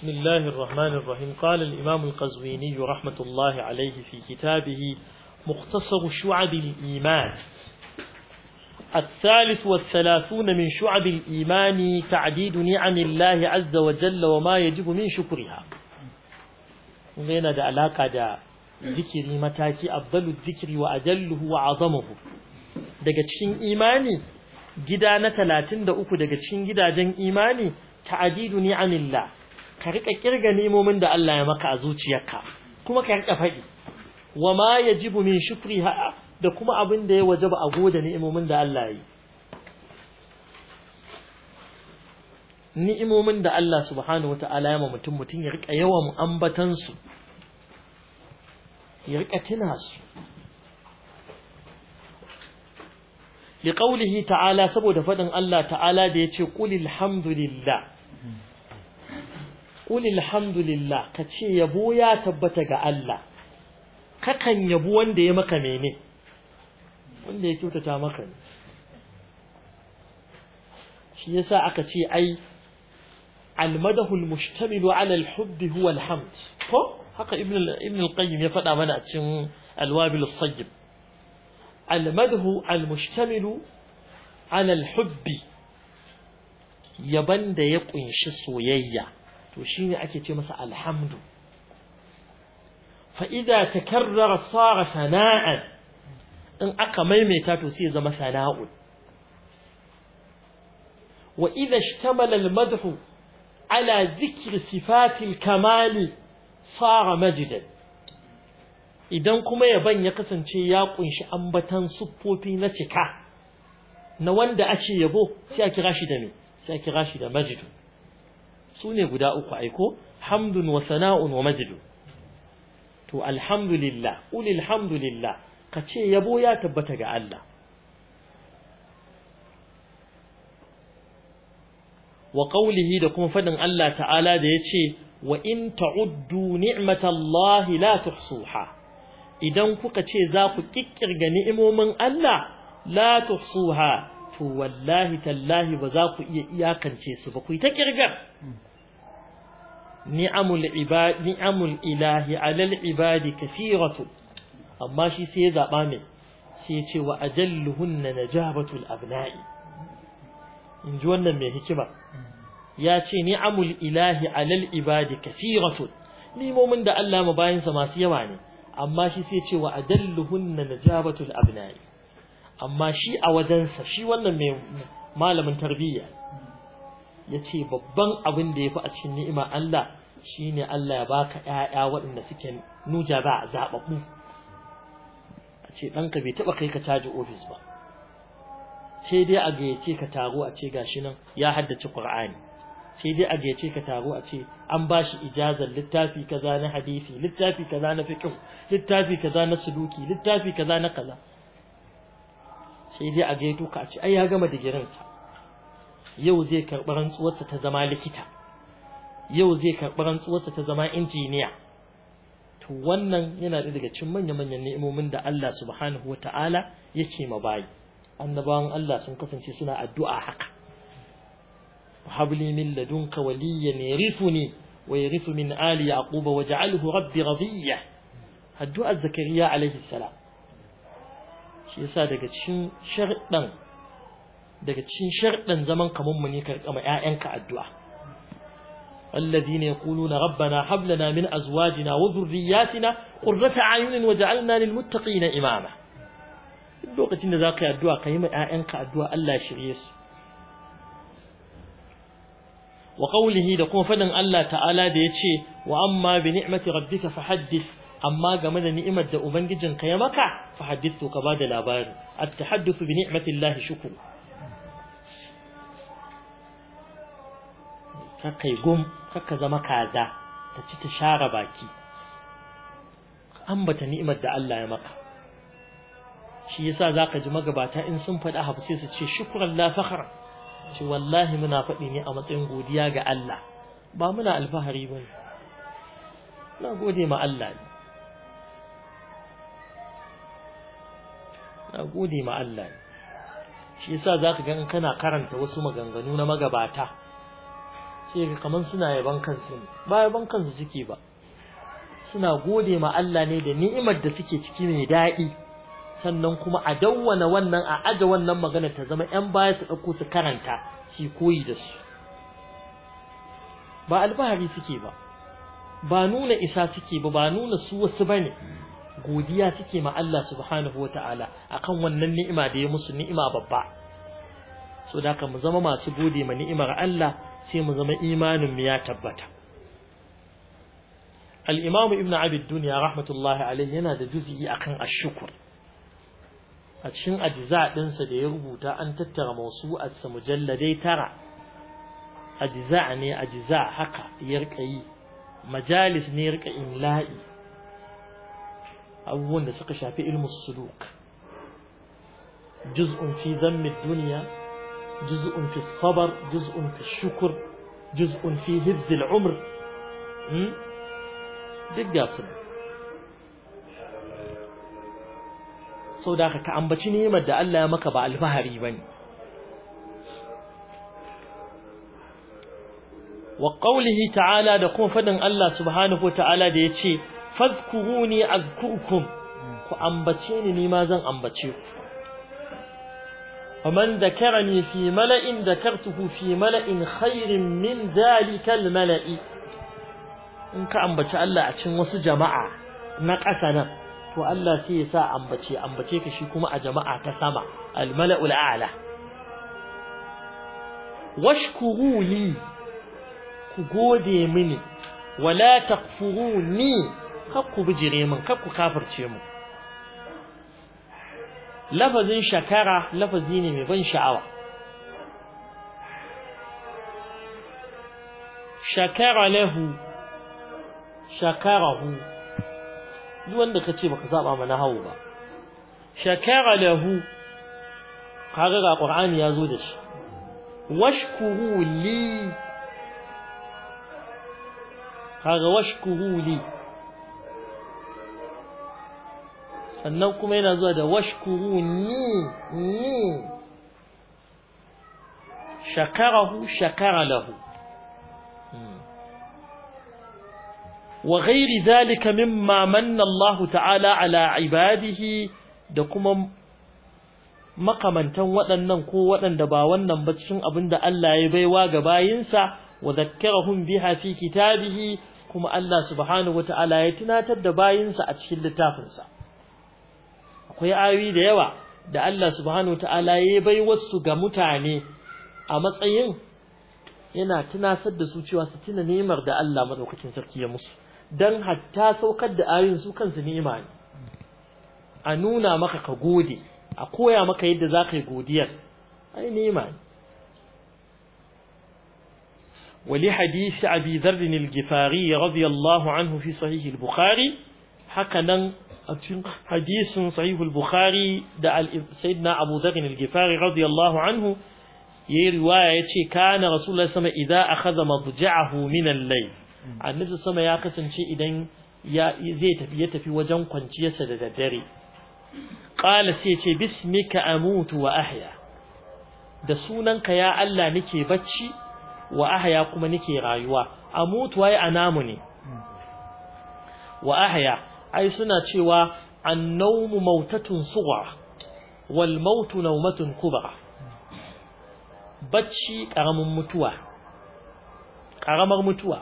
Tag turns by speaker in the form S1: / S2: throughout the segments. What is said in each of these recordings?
S1: بسم الله الرحمن الرحيم قال الإمام القزويني رحمة الله عليه في كتابه مختصر شعب الإيمان الثالث والثلاثون من شعب الإيمان تعديد نعم الله عز وجل وما يجب من شكرها لنا دا علاقة دا ذكري متاكي أفضل الذكر وأجله وعظمه daga cikin imani gida na 33 daga cikin gidajen imani ta'didu ni'amillah ka rika kirga nemomin da Allah ya maka a zuciyarka kuma ka rika faɗi wa ma yajibu min shukriha da kuma abin da ya ba a goda ni'imomin da Allah ya yi ni'imomin da Allah subhanahu ta'ala ya ma mutum mutum ya riƙa yawan ambatan su ya riƙa tuna su ta'ala saboda faɗin Allah ta'ala da ya ce qulil lilla. قل الحمد لله كتشي يبو يا تبتغى الله ككن يبو وند يا مكا مني وند يكوتتا مكا شي يسا اكتشي اي المده المشتمل على الحب هو الحمد حقا ابن, ابن القيم يفتع منا اتشن الوابل الصيب المده المشتمل على الحب يبند يقنش سويا يبند to shine ake ce masa alhamdu fa idza takarrara sara sana'an in aka maimaita to sai zama sana'u wa idza ishtamala al ala dhikri sifati al sara majdan idan kuma yaban ya kasance ya kunshi ambatan siffofi na cika na wanda ake yabo sai a kira shi da me sai a kira shi da majdu su ne guda uku aiko hamdun wa sana'un wa majidu. to alhamdulillah ulil hamdulillah ka ce yabo ya tabbata ga Allah wa qawlihi da kuma faɗin Allah ta'ala da ya ce, wa in ta'uddu ni'matallahi la tuhsuha idan kuka ce za ku kikkirga ni'imomin Allah la tuhsuha to wallahi tallahi ba za ku iya iyakance su ba ku ta kirgar ni'amul ibad ilahi alal ibadi kathiratu amma shi sai ya zaba mai sai ya ce wa ajalluhunna najabatul abna'i in ji wannan mai hikima ya ce ni'amul ilahi alal ibadi kathiratu nimomin da Allah mabayinsa masu yawa ne amma shi sai ya ce wa ajalluhunna najabatul abna'i amma shi a wajensa shi wannan mai malamin tarbiyya ya ce babban abin da ya fi a cikin ni'ima Allah shi ne Allah ya baka ‘ya'ya waɗanda suke nuja ba a zaɓaɓu a ce ɗanka bai taɓa kai ka caji ofis ba sai dai a gayyace ka taro a ce gashi nan ya haddace kur'ani sai dai a gayyace ka taro a ce an ba shi ijazar littafi kaza na hadisi littafi kaza na fiƙin littafi kaza na suduki littafi kaza na kaza sai dai a gaido ka a ce ai ya gama digirinsa yau zai rantsuwar sa ta zama likita yau zai rantsuwar rantsuwarsa ta zama injiniya to wannan yana da daga cikin manya-manyan ni'imomin da Allah subhanahu wa ta'ala yake ma bayi annabawan Allah sun kasance suna addu'a haka habli min ladunka waliyyan yarithuni wa yarithu min ali yaquba waj'alhu rabbi radiya addu'a zakariya alaihi salam shi yasa daga cikin sharɗan daga cikin sharɗan zaman kamar mu ne ka rika ma ƴaƴanka addu'a alladhina yaquluna rabbana hab lana min azwajina wa dhurriyyatina qurrata a'yunin waj'alna lil muttaqina imama duk lokacin da zaka yi addu'a kai ma ƴaƴanka addu'a Allah shirye su wa qawlihi da kuma fadin Allah ta'ala da yace wa amma bi ni'mati rabbika fahaddith amma game da ni'imar da ubangijin ka ya maka fa hadithu ka bada labari at-tahaddathu bi ni'matillahi Ka kai gum kaka zama kaza ta ci ta share baki ambata ni'imar da Allah ya maka shi yasa zaka ji magabata in sun faɗi hafu sai su ce shukran la fakhra ce wallahi muna faɗi ne a matsayin godiya ga Allah ba muna alfahari bane na gode ma Allah ne ka gode ma Allah shi yasa zaka ga kana karanta wasu maganganu na magabata sai ka kaman suna yaban kansu ba yaban kansu suke ba suna gode ma Allah ne da ni'imar da suke ciki mai daɗi sannan kuma a dawwana wannan a aje wannan magana ta zama ƴan baya su ɗauko su karanta su koyi da su ba albahari suke ba ba nuna isa suke ba ba nuna su wasu bane godiya suke ma Allah subhanahu wata'ala akan wannan ni'ima da ya musu ni'ima babba so da mu zama masu gode ma ni'imar Allah sai mu zama imanin mu ya tabbata al-imam ibn abid dunya rahmatullahi alayhi yana da juz'i akan ash-shukr a cikin ajza ɗinsa da ya rubuta an tattara mawsu'at sa mujalladai tara ajza ne ajza haka ya rika yi majalis ne ya rika imla'i abubuwan da suka shafi ilmus suluk juz'un fi zammi duniya juz'un fi sabar juz'un fi shukur juz'un fi hibzil umr duk ga su sau da ka ambaci nemar da Allah ya maka ba alfahari ba ne wa ƙaulihi ta'ala da kuma faɗin Allah subhanahu ta'ala da ya ce fazkuruni azkurkum ku ambace ni nima zan ambace ku faman dhakarani fi mala'in dhakartuhu fi mala'in khairin min dhalika mala'i in ka ambaci Allah a cikin wasu jama'a na ƙasa nan to Allah sai ya sa ambace ambace ka shi kuma a jama'a ta sama al mala'ul a'la washkuruli ku gode mini wala takfuruni kar ku bijire min kakku ku kafirce mu lafazin shakara lafazi ne mai ban sha'awa shakara lahu shakarahu duk wanda kace baka zaba mana hawo ba shakara lahu kaga ga qur'ani yazo da shi washkuru li kaga washkuru li sannan kuma yana zuwa da washkuru ni ni shakarahu shakara lahu hmm. wa ghairi zalika mimma manna Allah ta'ala ala ibadihi da kuma makamantan waɗannan ko waɗanda ba wannan ba cikin abin da Allah ya baiwa ga bayinsa wa zakkarahum biha fi kitabihi kuma Allah subhanahu ta'ala ya tunatar da bayinsa a cikin littafinsa akwai ayoyi da yawa da Allah subhanahu ta'ala ya bai wasu ga mutane a matsayin yana tunasar da su cewa su tuna ni'imar da Allah madaukakin sarki ya musu dan hatta saukar da ayoyin su kansu ni'ima ne a nuna maka ka gode a koya maka yadda za ka yi godiyar ai ni'ima ne ولحديث أبي ذر الجفاري رضي anhu fi في صحيح البخاري Hakanan a cikin hadisin sahihul bukhari da sayyidina abu dharin al-gifari radiyallahu anhu yayi riwaya yace kana rasulullah sama idza akhadha madja'ahu min al-layl mm. annabi sama ya kasance idan ya zai tafi ya tafi wajen kwanciyarsa da daddare qala sai yace bismika amutu wa ahya da sunanka ya Allah nake bacci wa ahya kuma nake rayuwa amutu wai anamu ne mm. wa ahya ai suna cewa annawmu mautatun suwa wal mautu nawmatun kubra bacci karamin mutuwa karamar mutuwa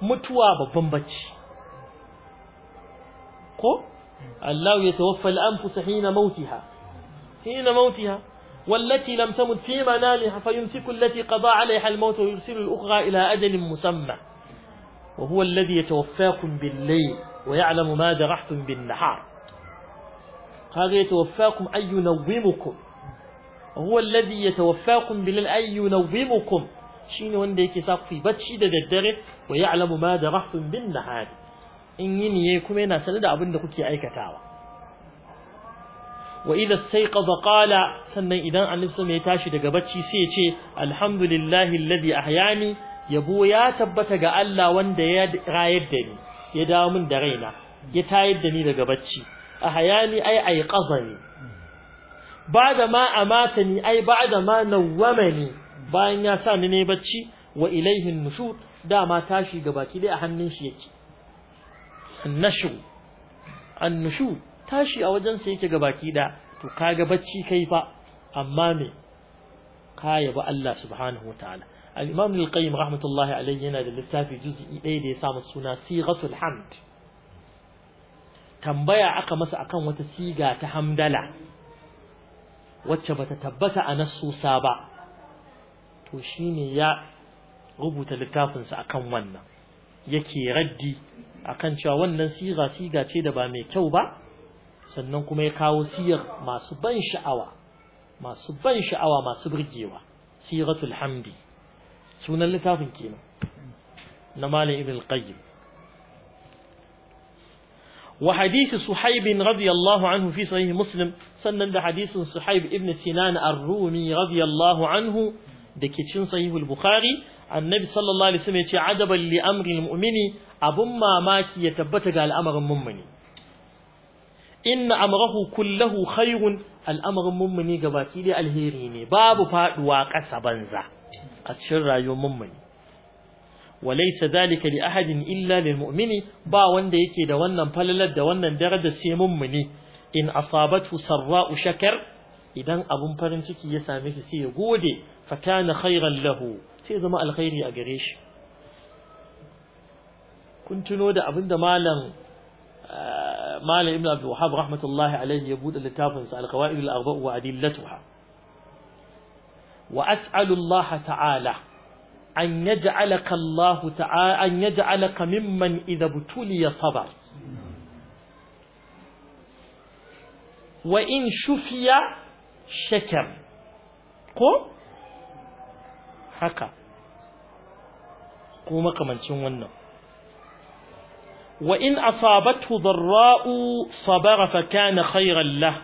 S1: mutuwa babban bacci ko Allah ya tawaffa al-anfus hina mautiha hina mautiha والتي لم تمت في منامها فيمسك التي قضى عليها الموت ويرسل الأخرى إلى أجل مسمى وهو الذي يتوفاكم بالليل ويعلم ما درحتم بالنهار هذا يتوفاكم أي ينومكم وهو الذي يتوفاكم بالليل أي ينومكم شين وانده يكساق في بتشي دا ددره ويعلم ما درحتم بالنهار إن ينيكم ينا سند أبن كي أي كتاوة وإذا استيقظ قال سنة إذا أن نفسه ميتاشي دا باتشي الحمد لله الذي أحياني yabo ya tabbata ga Allah wanda ya rayar da ni ya dawo min da raina ya tayar da ni daga bacci a hayani ai ai qazani bada ma amatani ai bada ma nawwamani bayan ya sa ni ne bacci wa ilaihi nushur dama tashi ga baki dai a hannun shi yake annashu annushu tashi a wajen sa yake gabaki da to kaga bacci kai fa amma me ka yabi Allah subhanahu wataala al-imam al-qayyim rahmatullahi alayhi yana da littafi juz'i ɗaya da ya sa suna sighatul hamd tambaya aka masa akan wata siga ta hamdala wacce bata tabbata a nassusa ba to shine ya rubuta littafinsa akan wannan yake raddi akan cewa wannan siga siga ce da ba mai kyau ba sannan kuma ya kawo siyar masu ban sha'awa masu ban sha'awa masu burgewa siratul hamdi sunan littafin kenan na malam ibn qayyim wa hadisi suhaib radiyallahu anhu fi sahih muslim sannan da hadisin suhaib ibn sinan ar-rumi radiyallahu anhu da ke cin sahih al-bukhari annabi sallallahu alaihi wasallam yace adaban li amri al-mu'mini abun mamaki ya tabbata ga al'amarin mummuni inna amrahu kullahu khairun al'amarin mummuni gabaki dai alheri ne babu faɗuwa ƙasa banza a cikin rayuwar mummuni walaysa zalika li ahadin illa lil mu'mini ba wanda yake da wannan falalar da wannan daraja sai mummuni in asabatu sarra'u shakar idan abun farin ciki ya same shi sai ya gode fa kana khairan lahu sai zama alkhairi a gare shi kun tuno da abinda malam eh, malam ibn abdul wahhab rahmatullahi alayhi ya bude littafin sa al-qawaid al-arba' wa adillatuha وأسأل الله تعالى أن يجعلك الله تعالى أن يجعلك ممن إذا ابتلي صبر وإن شفي شكر قو هكا قوم كمان شون وإن أصابته ضراء صبر فكان خيرا له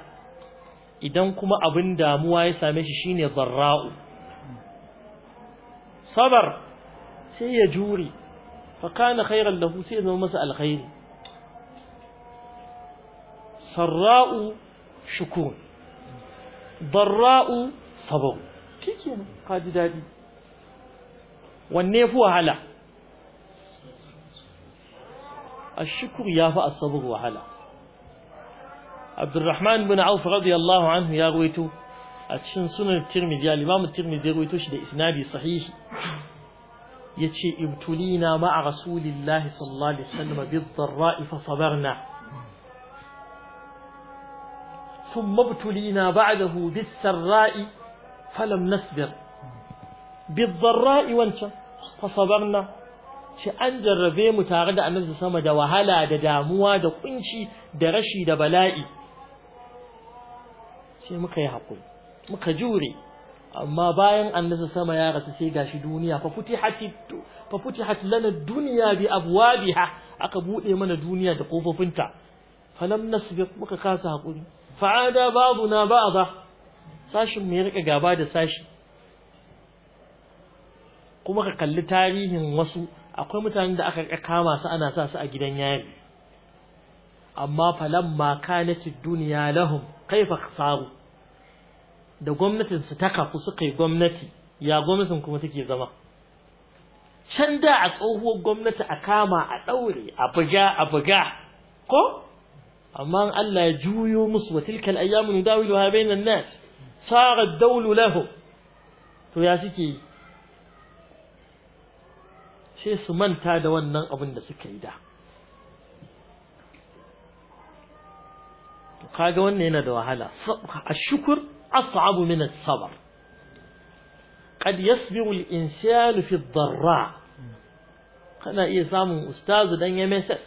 S1: idan kuma abin damuwa ya same shi shine zarra'u sabar sai ya jure fa kana khairan lahu sai zama masa alkhairi sarra'u shukur darra'u sabar kike ka dadi wanne fi wahala الشكر يافع الصبر وهلا عبد الرحمن بن عوف رضي الله عنه يا رويتو أتشن سنة الترمذي الإمام الترمذي رويتو شد إسنادي صحيح يتشي ابتلينا مع رسول الله صلى الله عليه وسلم بالضراء فصبرنا ثم ابتلينا بعده بالسراء فلم نصبر بالضراء وانت فصبرنا ce an jarrabe mu tare da annabi sama da wahala da damuwa da kunci da rashi da bala'i sai muka yi haƙuri muka jure amma bayan nasa sama ya rasu sai gashi duniya fa futihat fa futihat lana dunya bi abwabiha aka bude mana duniya da kofofinta falam nasbiq muka kasa hakuri ada babuna ba'dha sashin mu ya rika gaba da sashi kuma ka kalli tarihin wasu akwai mutanen da aka kama su ana sa su a gidan yari amma falamma kanatid duniya lahum kaifa khasaru da gwamnatin su ta kafu suka yi gwamnati ya gwamnatin kuma take zama can da a tsohuwar gwamnati a kama a ɗaure a buga a buga ko amma Allah ya juyo musu wa tilkal ayyamu ha bainan nas sara dawlu lahu to ya suke sai su manta da wannan abin da suka yi da kaga wannan yana da wahala a shukur. أصعب من الصبر قد يصبر الإنسان في الضراء kana iya samun ustazu dan MSS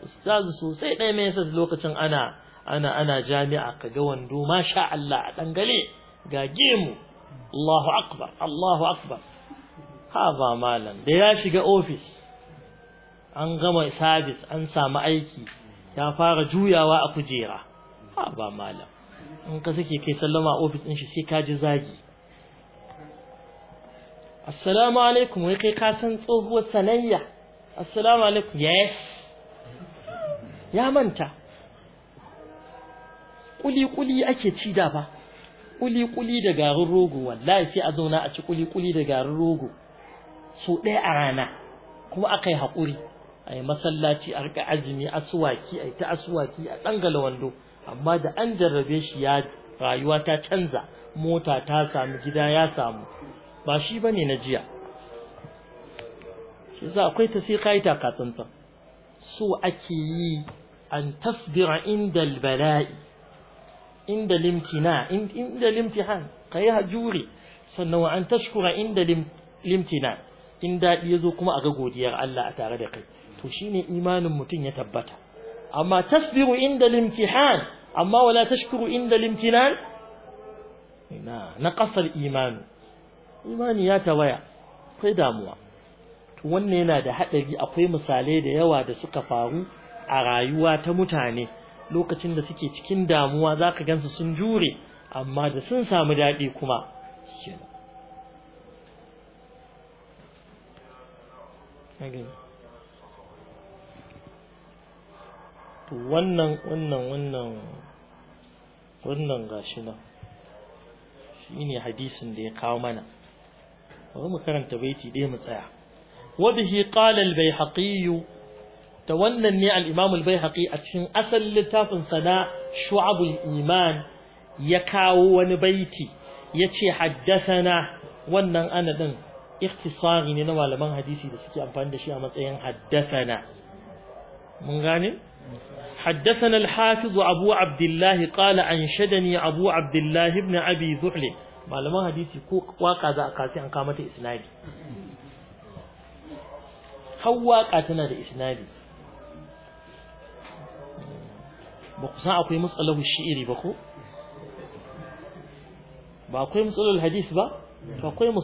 S1: ustazu sosai dan MSS lokacin ana ana ana jami'a kaga wando masha Allah a dangale ga gemu Allahu ha ba malam da ya shiga ofis, an gama sabis, an samu aiki ya fara juyawa a kujera ha ba malam in ka sake kai sallama a ofis ɗin shi sai ka ji zagi assalamu alaikum wai kai ka san tsohuwar sanayya assalamu alaikum yes ya manta kuli-kuli ake ci da ba kuli-kuli da garin rogo wallahi sai a zauna a ci kuli-kuli da garin rogo so ɗaya a rana kuma aka yi haƙuri a yi masallaci a riƙa azumi asuwaki a yi ta asuwaki a ɗangala wando amma da an jarrabe shi ya rayuwa ta canza mota ta samu gida ya samu ba shi ba ne na jiya shi za akwai ta sai kai ta tsantsan. so ake yi an tasbira inda bala'i inda limtina inda limtihan yi hajuri sannan wa an tashkura inda limtina in daɗi ya zo kuma a ga godiyar Allah a tare da kai to shine imanin mutum ya tabbata amma tasbiru inda limtihan amma wala tashkuru inda limtinan na na kasar imani imani ya tawaya akwai damuwa to wannan yana da hadari akwai misalai da yawa da suka faru a rayuwa ta mutane lokacin da suke cikin damuwa zaka gansu sun jure amma da sun samu dadi kuma kenan to wannan wannan wannan wannan gashi nan shine hadisin da ya kawo mana bari mu karanta baiti dai mu tsaya wa bihi qala al-bayhaqi ta wannan ne al-imam al-bayhaqi a cikin asalin littafin sa na al iman ya kawo wani baiti yace haddathana wannan ana din ikhtisari ne na malaman hadisi da suke amfani da shi a matsayin haddathana mun gane حدثنا الحافظ أبو عبد الله قال أنشدني أبو عبد الله بن أبي زحل hadisi ko waka za a kasi an kama ta isnadi har waka tana da isnadi ba ku akwai matsalar shi'iri ba ko ba akwai matsalar hadis ba ba akwai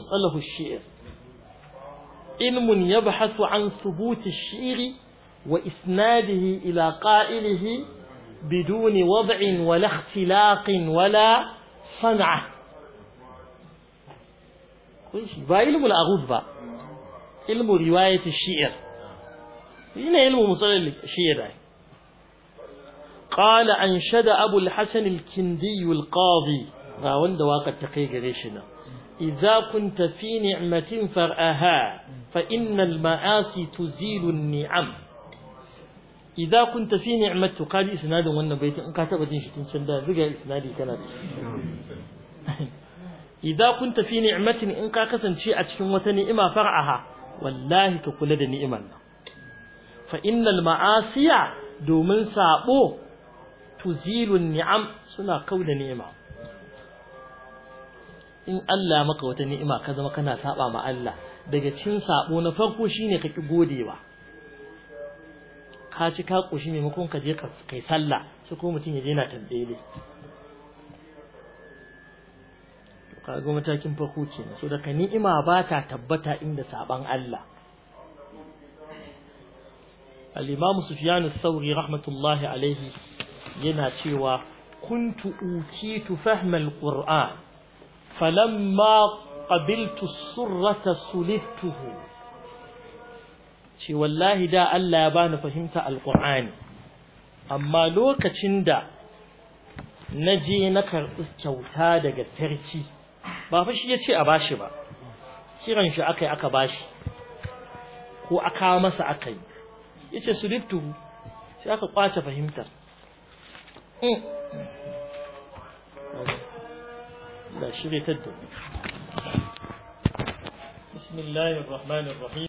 S1: ya subuti shiri. وإسناده إلى قائله بدون وضع ولا اختلاق ولا صنعة ba ilmu al'aguz ba ilmu riwayati shi'ir ina ilmu musalin shi'ir قال أنشد أبو الحسن الكندي القاضي راون آه، دواقة تقيق ريشنا إذا كنت في نعمة فرأها فإن المعاصي تزيل النعم idza kunta fi ni'matu qali isnadin wannan baitin in ka taba jin shi tun can da zuga isnadi kana da idza kunta fi ni'matin in ka kasance a cikin wata ni'ima far'aha wallahi ka kula da ni'iman. nan fa innal ma'asiya domin sabo tuzilun ni'am suna kauda ni'ima in Allah maka wata ni'ima ka zama kana saba ma Allah daga cin sabo na farko shine ka ki godewa ka ci ka ƙoshi maimakon ka je kai sallah su ko mutum ya je na tambaye ka ga matakin farko kenan so daga ni'ima ba ta tabbata inda saban Allah al-imam sufyan rahmatullahi alayhi yana cewa kuntu utitu fahma al-qur'an falamma qabiltu as-surrata sulihtuhu ce wallahi da Allah ya bani fahimta Alƙur'ani. amma lokacin da na je na karɓi kyauta daga sarki ba fa shi ya ce a bashi ba kiran shi aka yi aka bashi ko aka masa aka yi ya ce su sai aka kwace fahimtar لا بسم
S2: الله الرحمن الرحيم